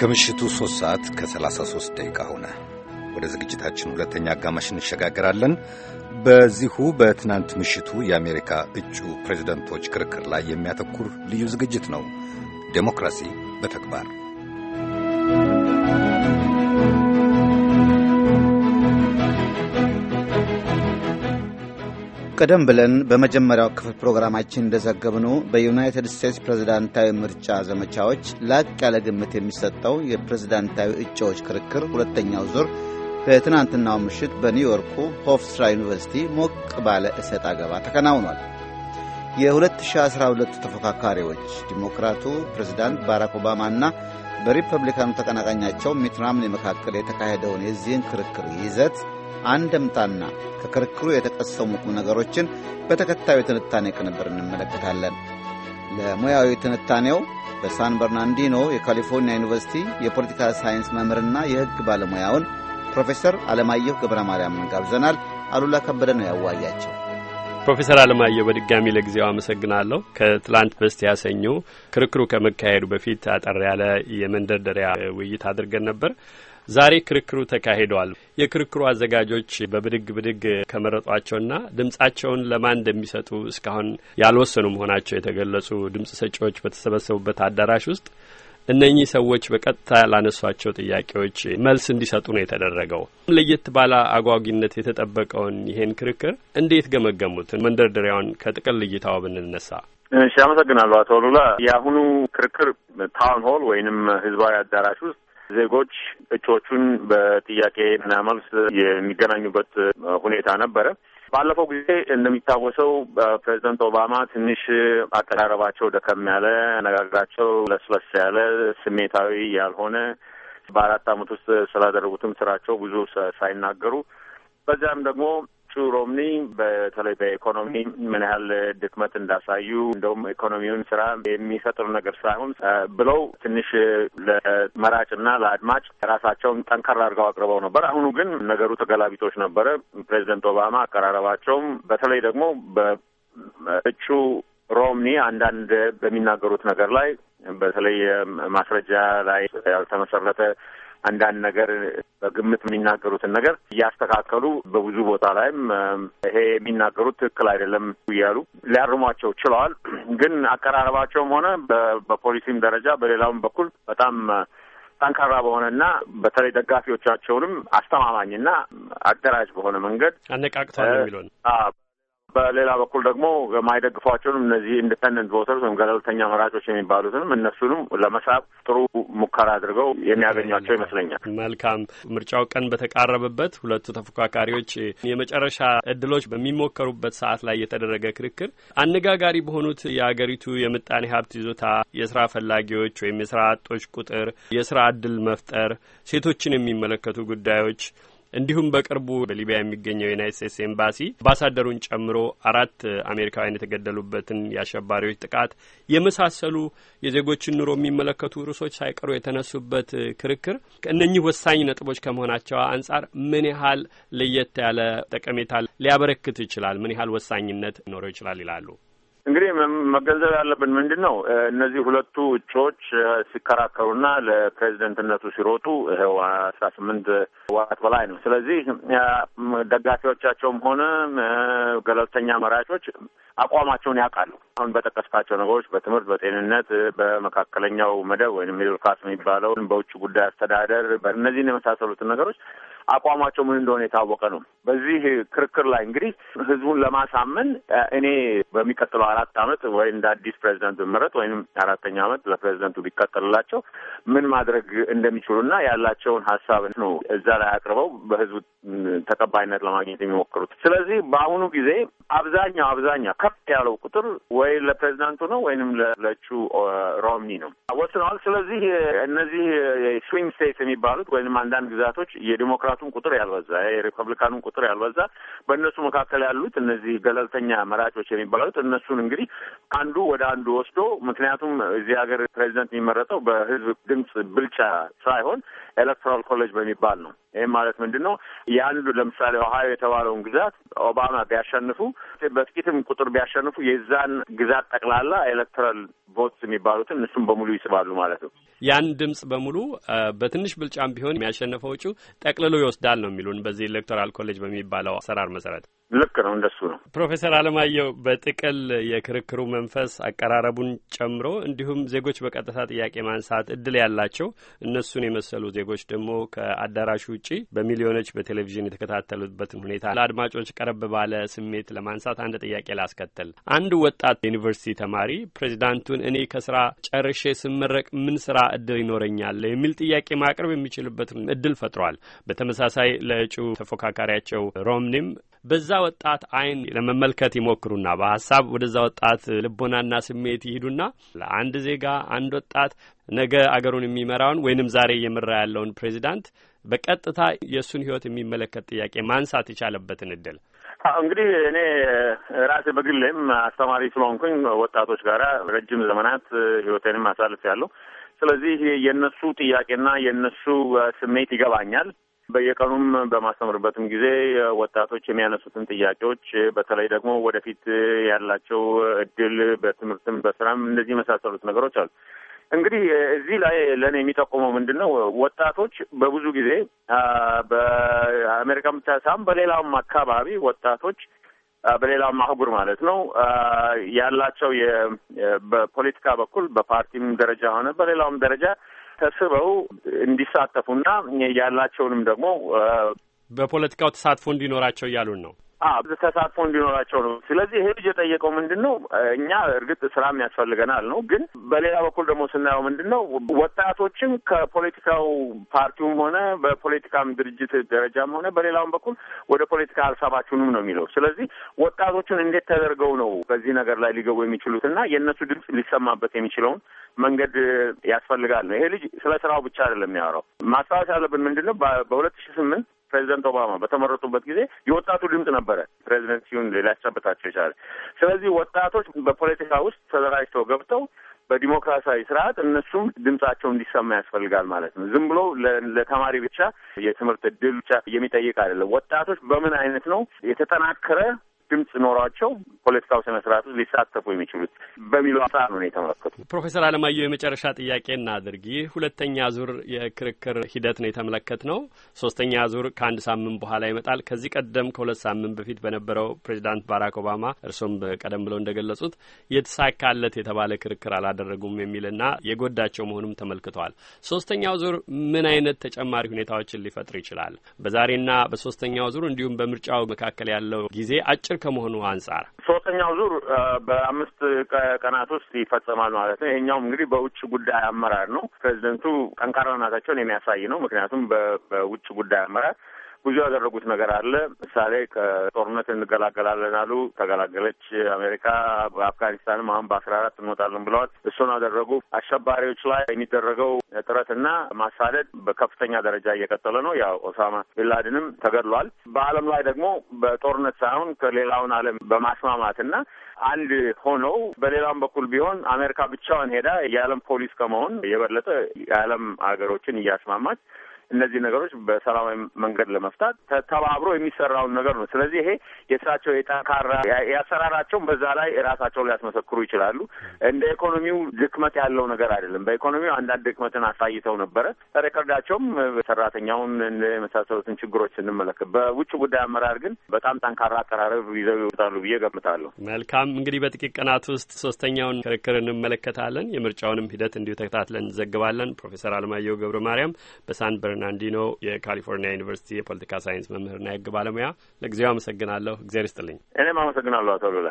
ከምሽቱ 3 ሰዓት ከ33 ደቂቃ ሆነ። ወደ ዝግጅታችን ሁለተኛ አጋማሽ እንሸጋገራለን። በዚሁ በትናንት ምሽቱ የአሜሪካ እጩ ፕሬዝደንቶች ክርክር ላይ የሚያተኩር ልዩ ዝግጅት ነው። ዴሞክራሲ በተግባር ቀደም ብለን በመጀመሪያው ክፍል ፕሮግራማችን እንደዘገብነው በዩናይትድ ስቴትስ ፕሬዝዳንታዊ ምርጫ ዘመቻዎች ላቅ ያለ ግምት የሚሰጠው የፕሬዝዳንታዊ እጩዎች ክርክር ሁለተኛው ዙር በትናንትናው ምሽት በኒውዮርኩ ሆፍስትራ ዩኒቨርሲቲ ሞቅ ባለ እሰጥ አገባ ተከናውኗል። የ2012 ተፎካካሪዎች ዲሞክራቱ ፕሬዝዳንት ባራክ ኦባማና በሪፐብሊካኑ ተቀናቃኛቸው ሚት መካከል የተካሄደውን የዚህን ክርክር ይዘት አንድምታና ከክርክሩ የተቀሰሙ ቁም ነገሮችን በተከታዩ ትንታኔ ቅንብር እንመለከታለን። ለሙያዊ ትንታኔው በሳን በርናንዲኖ የካሊፎርኒያ ዩኒቨርሲቲ የፖለቲካ ሳይንስ መምህርና የሕግ ባለሙያውን ፕሮፌሰር አለማየሁ ገብረ ማርያምን ጋብዘናል። አሉላ ከበደ ነው ያዋያቸው። ፕሮፌሰር አለማየሁ በድጋሚ ለጊዜው አመሰግናለሁ። ከትላንት በስቲያ ሰኞ ክርክሩ ከመካሄዱ በፊት አጠር ያለ የመንደርደሪያ ውይይት አድርገን ነበር። ዛሬ ክርክሩ ተካሂደዋል። የክርክሩ አዘጋጆች በብድግ ብድግ ከመረጧቸውና ድምጻቸውን ለማን እንደሚሰጡ እስካሁን ያልወሰኑ መሆናቸው የተገለጹ ድምጽ ሰጪዎች በተሰበሰቡበት አዳራሽ ውስጥ እነኚህ ሰዎች በቀጥታ ላነሷቸው ጥያቄዎች መልስ እንዲሰጡ ነው የተደረገው። ለየት ባለ አጓጊነት የተጠበቀውን ይሄን ክርክር እንዴት ገመገሙት? መንደርደሪያውን ከጥቅል እይታው ብንነሳ። እሺ፣ አመሰግናለሁ አቶ ሉላ። የአሁኑ ክርክር ታውን ሆል ወይንም ህዝባዊ አዳራሽ ውስጥ ዜጎች እጩዎቹን በጥያቄና መልስ የሚገናኙበት ሁኔታ ነበረ። ባለፈው ጊዜ እንደሚታወሰው ፕሬዚደንት ኦባማ ትንሽ አቀራረባቸው ደከም ያለ፣ አነጋገራቸው ለስለስ ያለ፣ ስሜታዊ ያልሆነ በአራት ዓመት ውስጥ ስላደረጉትም ስራቸው ብዙ ሳይናገሩ በዚያም ደግሞ ሮምኒ በተለይ በኢኮኖሚ ምን ያህል ድክመት እንዳሳዩ እንደውም ኢኮኖሚውን ስራ የሚፈጥሩ ነገር ሳይሆን ብለው ትንሽ ለመራጭና ለአድማጭ ራሳቸውን ጠንከር አድርገው አቅርበው ነበር። አሁኑ ግን ነገሩ ተገላቢቶች ነበረ። ፕሬዚደንት ኦባማ አቀራረባቸውም በተለይ ደግሞ በእጩ ሮምኒ አንዳንድ በሚናገሩት ነገር ላይ በተለይ ማስረጃ ላይ ያልተመሰረተ አንዳንድ ነገር በግምት የሚናገሩትን ነገር እያስተካከሉ በብዙ ቦታ ላይም ይሄ የሚናገሩት ትክክል አይደለም እያሉ ሊያርሟቸው ችለዋል። ግን አቀራረባቸውም ሆነ በፖሊሲም ደረጃ በሌላውም በኩል በጣም ጠንካራ በሆነና በተለይ ደጋፊዎቻቸውንም አስተማማኝና አደራጅ በሆነ መንገድ አነቃቅቷል የሚለውን በሌላ በኩል ደግሞ የማይደግፏቸውንም እነዚህ ኢንዲፐንደንት ቮተርስ ወይም ገለልተኛ መራጮች የሚባሉትንም እነሱንም ለመሳብ ጥሩ ሙከራ አድርገው የሚያገኟቸው ይመስለኛል። መልካም ምርጫው ቀን በተቃረበበት ሁለቱ ተፎካካሪዎች የመጨረሻ እድሎች በሚሞከሩበት ሰዓት ላይ የተደረገ ክርክር አነጋጋሪ በሆኑት የአገሪቱ የምጣኔ ሀብት ይዞታ፣ የስራ ፈላጊዎች ወይም የስራ አጦች ቁጥር፣ የስራ እድል መፍጠር፣ ሴቶችን የሚመለከቱ ጉዳዮች እንዲሁም በቅርቡ በሊቢያ የሚገኘው የዩናይት ስቴትስ ኤምባሲ አምባሳደሩን ጨምሮ አራት አሜሪካውያን የተገደሉበትን የአሸባሪዎች ጥቃት የመሳሰሉ የዜጎችን ኑሮ የሚመለከቱ ርዕሶች ሳይቀሩ የተነሱበት ክርክር እነኚህ ወሳኝ ነጥቦች ከመሆናቸው አንጻር ምን ያህል ለየት ያለ ጠቀሜታ ሊያበረክት ይችላል? ምን ያህል ወሳኝነት ኖረው ይችላል ይላሉ። እንግዲህ መገንዘብ ያለብን ምንድን ነው እነዚህ ሁለቱ እጩዎች ሲከራከሩና ለፕሬዚደንትነቱ ሲሮጡ ይኸው አስራ ስምንት ወራት በላይ ነው። ስለዚህ ደጋፊዎቻቸውም ሆነ ገለልተኛ መራጮች አቋማቸውን ያውቃሉ። አሁን በጠቀስካቸው ነገሮች በትምህርት፣ በጤንነት፣ በመካከለኛው መደብ ወይም ሚድል ክላስ በውጭ ጉዳይ አስተዳደር፣ በእነዚህን የመሳሰሉትን ነገሮች አቋማቸው ምን እንደሆነ የታወቀ ነው። በዚህ ክርክር ላይ እንግዲህ ህዝቡን ለማሳመን እኔ በሚቀጥለው አራት አመት ወይ እንደ አዲስ ፕሬዚደንት ብመረጥ ወይም አራተኛ አመት ለፕሬዚደንቱ ቢቀጥልላቸው ምን ማድረግ እንደሚችሉና ያላቸውን ሀሳብ ነው እዛ ላይ አቅርበው በህዝቡ ተቀባይነት ለማግኘት የሚሞክሩት። ስለዚህ በአሁኑ ጊዜ አብዛኛው አብዛኛው ከፍ ያለው ቁጥር ወይ ለፕሬዚዳንቱ ነው ወይንም ለቹ ሮምኒ ነው ወስነዋል። ስለዚህ እነዚህ ስዊንግ ስቴትስ የሚባሉት ወይም አንዳንድ ግዛቶች የዲሞክራ የዲሞክራቱን ቁጥር ያልበዛ የሪፐብሊካኑን ቁጥር ያልበዛ በእነሱ መካከል ያሉት እነዚህ ገለልተኛ መራጮች የሚባሉት እነሱን እንግዲህ አንዱ ወደ አንዱ ወስዶ ምክንያቱም እዚህ ሀገር ፕሬዚደንት የሚመረጠው በህዝብ ድምፅ ብልጫ ሳይሆን ኤሌክትራል ኮሌጅ በሚባል ነው። ይህም ማለት ምንድን ነው? የአንዱ ለምሳሌ ኦሃዮ የተባለውን ግዛት ኦባማ ቢያሸንፉ በጥቂትም ቁጥር ቢያሸንፉ የዛን ግዛት ጠቅላላ ኤሌክትራል ቦትስ የሚባሉትን እሱም በሙሉ ይስባሉ ማለት ነው። ያን ድምጽ በሙሉ በትንሽ ብልጫም ቢሆን የሚያሸንፈው እጩ ጠቅልሎ ይወስዳል ነው የሚሉን በዚህ ኤሌክቶራል ኮሌጅ በሚባለው አሰራር መሰረት ልክ ነው። እንደሱ ነው። ፕሮፌሰር አለማየሁ በጥቅል የክርክሩ መንፈስ አቀራረቡን ጨምሮ እንዲሁም ዜጎች በቀጥታ ጥያቄ ማንሳት እድል ያላቸው እነሱን የመሰሉ ዜጎች ደግሞ ከአዳራሹ ውጪ በሚሊዮኖች በቴሌቪዥን የተከታተሉበትን ሁኔታ ለአድማጮች ቀረብ ባለ ስሜት ለማንሳት አንድ ጥያቄ ላስከተል። አንድ ወጣት ዩኒቨርሲቲ ተማሪ ፕሬዚዳንቱን እኔ ከስራ ጨርሼ ስመረቅ ምን ስራ እድል ይኖረኛል የሚል ጥያቄ ማቅረብ የሚችልበትን እድል ፈጥሯል። በተመሳሳይ ለእጩ ተፎካካሪያቸው ሮምኒም በዛ ወጣት አይን ለመመልከት ይሞክሩና በሀሳብ ወደዛ ወጣት ልቦናና ስሜት ይሄዱና ለአንድ ዜጋ አንድ ወጣት ነገ አገሩን የሚመራውን ወይንም ዛሬ እየመራ ያለውን ፕሬዚዳንት በቀጥታ የእሱን ህይወት የሚመለከት ጥያቄ ማንሳት የቻለበትን እድል እንግዲህ እኔ ራሴ በግሌም አስተማሪ ስለሆንኩኝ ወጣቶች ጋር ረጅም ዘመናት ህይወቴንም አሳልፍ ያለው ስለዚህ የእነሱ ጥያቄና የእነሱ ስሜት ይገባኛል። በየቀኑም በማስተምርበትም ጊዜ ወጣቶች የሚያነሱትን ጥያቄዎች በተለይ ደግሞ ወደፊት ያላቸው እድል በትምህርትም በስራም እንደዚህ የመሳሰሉት ነገሮች አሉ። እንግዲህ እዚህ ላይ ለእኔ የሚጠቁመው ምንድን ነው፣ ወጣቶች በብዙ ጊዜ በአሜሪካ ብቻ ሳይሆን በሌላውም አካባቢ ወጣቶች በሌላውም አህጉር ማለት ነው ያላቸው በፖለቲካ በኩል በፓርቲም ደረጃ ሆነ በሌላውም ደረጃ ተስበው እንዲሳተፉና ያላቸውንም ደግሞ በፖለቲካው ተሳትፎ እንዲኖራቸው እያሉን ነው። ተሳትፎ እንዲኖራቸው ነው። ስለዚህ ይሄ ልጅ የጠየቀው ምንድን ነው? እኛ እርግጥ ስራም ያስፈልገናል ነው፣ ግን በሌላ በኩል ደግሞ ስናየው ምንድን ነው ወጣቶችም ከፖለቲካው ፓርቲውም ሆነ በፖለቲካም ድርጅት ደረጃም ሆነ በሌላውም በኩል ወደ ፖለቲካ አልሳባችሁንም ነው የሚለው። ስለዚህ ወጣቶቹን እንዴት ተደርገው ነው በዚህ ነገር ላይ ሊገቡ የሚችሉት እና የእነሱ ድምፅ ሊሰማበት የሚችለውን መንገድ ያስፈልጋል ነው። ይሄ ልጅ ስለ ስራው ብቻ አይደለም የሚያወራው። ማስታወስ ያለብን ምንድን ነው በሁለት ሺ ስምንት ፕሬዚደንት ኦባማ በተመረጡበት ጊዜ የወጣቱ ድምፅ ነበረ ፕሬዚደንት ሲሆን ሊያስጨብጣቸው ይቻላል። ስለዚህ ወጣቶች በፖለቲካ ውስጥ ተደራጅተው ገብተው በዲሞክራሲያዊ ስርዓት እነሱም ድምጻቸው እንዲሰማ ያስፈልጋል ማለት ነው። ዝም ብሎ ለተማሪ ብቻ የትምህርት እድል ብቻ የሚጠይቅ አይደለም። ወጣቶች በምን አይነት ነው የተጠናከረ ድምፅ ኖሯቸው ፖለቲካው ስነ ስርዓት ሊሳተፉ የሚችሉት በሚሉ አሳ ነው የተመለከቱ። ፕሮፌሰር አለማየሁ የመጨረሻ ጥያቄ እናድርግ። ይህ ሁለተኛ ዙር የክርክር ሂደት ነው የተመለከት ነው። ሶስተኛ ዙር ከአንድ ሳምንት በኋላ ይመጣል። ከዚህ ቀደም ከሁለት ሳምንት በፊት በነበረው ፕሬዚዳንት ባራክ ኦባማ እርሶም ቀደም ብለው እንደገለጹት የተሳካለት የተባለ ክርክር አላደረጉም የሚልና የጎዳቸው መሆኑም ተመልክተዋል። ሶስተኛው ዙር ምን አይነት ተጨማሪ ሁኔታዎችን ሊፈጥር ይችላል? በዛሬና በሶስተኛው ዙር እንዲሁም በምርጫው መካከል ያለው ጊዜ አጭር ከመሆኑ አንጻር ሶስተኛው ዙር በአምስት ቀናት ውስጥ ይፈጸማል ማለት ነው። ይሄኛውም እንግዲህ በውጭ ጉዳይ አመራር ነው። ፕሬዚደንቱ ናታቸውን የሚያሳይ ነው። ምክንያቱም በውጭ ጉዳይ አመራር ብዙ ያደረጉት ነገር አለ። ምሳሌ ከጦርነት እንገላገላለን አሉ፣ ተገላገለች አሜሪካ። በአፍጋኒስታንም አሁን በአስራ አራት እንወጣለን ብለዋል፣ እሱን አደረጉ። አሸባሪዎች ላይ የሚደረገው ጥረትና ማሳደድ በከፍተኛ ደረጃ እየቀጠለ ነው። ያው ኦሳማ ቢንላድንም ተገድሏል። በዓለም ላይ ደግሞ በጦርነት ሳይሆን ከሌላውን ዓለም በማስማማትና አንድ ሆነው በሌላም በኩል ቢሆን አሜሪካ ብቻዋን ሄዳ የዓለም ፖሊስ ከመሆን የበለጠ የዓለም ሀገሮችን እያስማማች እነዚህ ነገሮች በሰላማዊ መንገድ ለመፍታት ተባብሮ የሚሰራውን ነገር ነው። ስለዚህ ይሄ የስራቸው የጠንካራ ያሰራራቸውን በዛ ላይ ራሳቸውን ሊያስመሰክሩ ይችላሉ። እንደ ኢኮኖሚው ድክመት ያለው ነገር አይደለም። በኢኮኖሚው አንዳንድ ድክመትን አሳይተው ነበረ። ሬከርዳቸውም ሰራተኛውን የመሳሰሉትን ችግሮች ስንመለከት፣ በውጭ ጉዳይ አመራር ግን በጣም ጠንካራ አቀራረብ ይዘው ይወጣሉ ብዬ ገምታለሁ። መልካም እንግዲህ በጥቂት ቀናት ውስጥ ሶስተኛውን ክርክር እንመለከታለን። የምርጫውንም ሂደት እንዲሁ ተከታትለን እንዘግባለን። ፕሮፌሰር አለማየሁ ገብረ ማርያም በሳንበር ፈርናንዲኖ የካሊፎርኒያ ዩኒቨርሲቲ የፖለቲካ ሳይንስ መምህርና የህግ ባለሙያ፣ ለጊዜው አመሰግናለሁ። እግዚአብሔር ይስጥልኝ። እኔም አመሰግናለሁ አቶ ሉላ።